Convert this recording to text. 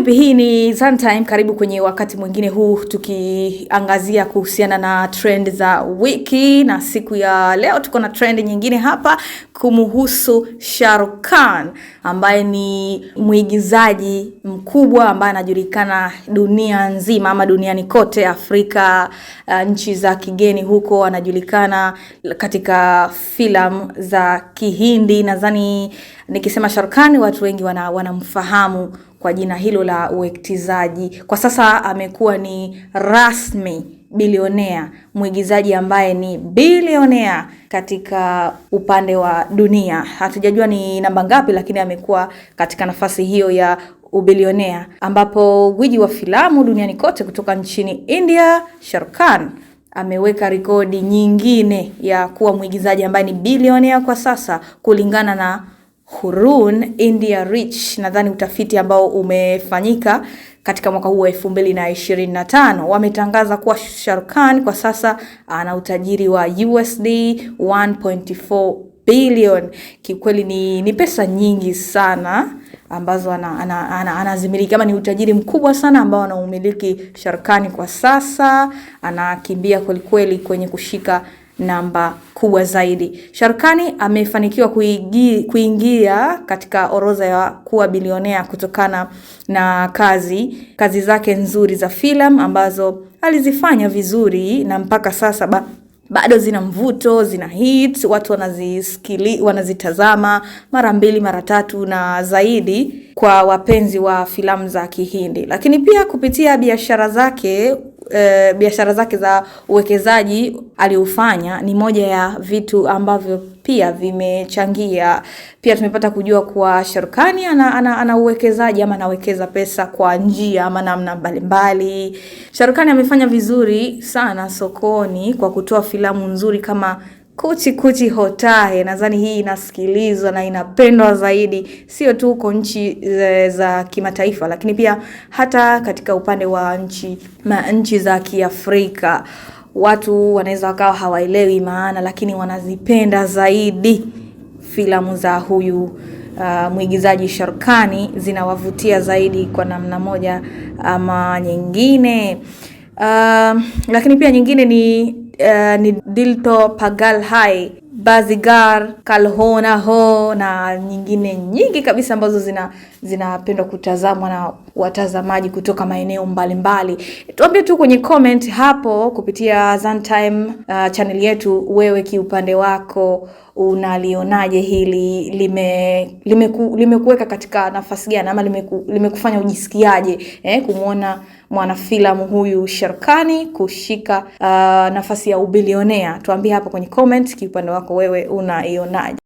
Vipi, hii ni Zantime. Karibu kwenye wakati mwingine huu tukiangazia kuhusiana na trend za wiki, na siku ya leo tuko na trend nyingine hapa kumuhusu Shahrukh Khan ambaye ni mwigizaji mkubwa ambaye anajulikana dunia nzima ama duniani kote, Afrika, uh, nchi za kigeni huko, anajulikana katika filamu za Kihindi nadhani nikisema Sharkani watu wengi wana, wanamfahamu kwa jina hilo la uwekezaji. Kwa sasa amekuwa ni rasmi bilionea, mwigizaji ambaye ni bilionea katika upande wa dunia. Hatujajua ni namba ngapi, lakini amekuwa katika nafasi hiyo ya ubilionea, ambapo gwiji wa filamu duniani kote kutoka nchini India Sharkan ameweka rekodi nyingine ya kuwa mwigizaji ambaye ni bilionea kwa sasa kulingana na Hurun India Rich, nadhani utafiti ambao umefanyika katika mwaka huu wa 2025 wametangaza kuwa Shahrukh kwa sasa ana utajiri wa USD 1.4 billion. kikweli ni, ni pesa nyingi sana ambazo anazimiliki kama ni utajiri mkubwa sana ambao anaumiliki sharkani kwa sasa. Anakimbia kwelikweli kwenye kushika namba kubwa zaidi. Sharkani amefanikiwa kuingia katika orodha ya kuwa bilionea kutokana na kazi kazi zake nzuri za filamu ambazo alizifanya vizuri na mpaka sasa ba, bado zina mvuto, zina hit, watu wanazisikili, wanazitazama mara mbili mara tatu na zaidi kwa wapenzi wa filamu za Kihindi. Lakini pia kupitia biashara zake e, biashara zake za uwekezaji aliofanya ni moja ya vitu ambavyo pia vimechangia. Pia tumepata kujua kuwa Sharukani ana, ana, ana uwekezaji ama anawekeza pesa kwa njia ama namna mbalimbali. Sharukani amefanya vizuri sana sokoni kwa kutoa filamu nzuri kama Kuchi kuchi hotahe, nadhani hii inasikilizwa na inapendwa zaidi, sio tu huko nchi za, e, za kimataifa, lakini pia hata katika upande wa nchi ma nchi za Kiafrika watu wanaweza wakawa hawaelewi maana, lakini wanazipenda zaidi filamu za huyu Uh, mwigizaji Sharkani zinawavutia zaidi kwa namna moja ama nyingine. Uh, lakini pia nyingine ni Eh, ni dilto Pagal Hai, Bazigar, Kalhona Ho na nyingine nyingi kabisa ambazo zina zinapendwa kutazamwa na watazamaji kutoka maeneo mbalimbali. Tuambie tu kwenye comment hapo kupitia Zantime uh, channel yetu, wewe kiupande wako unalionaje hili lime limeku, limekuweka katika nafasi gani ama limeku, limekufanya ujisikiaje eh, kumwona mwanafilamu huyu Sharkani kushika uh, nafasi ya ubilionea? Tuambie hapa kwenye comment, kiupande wako wewe unaionaje?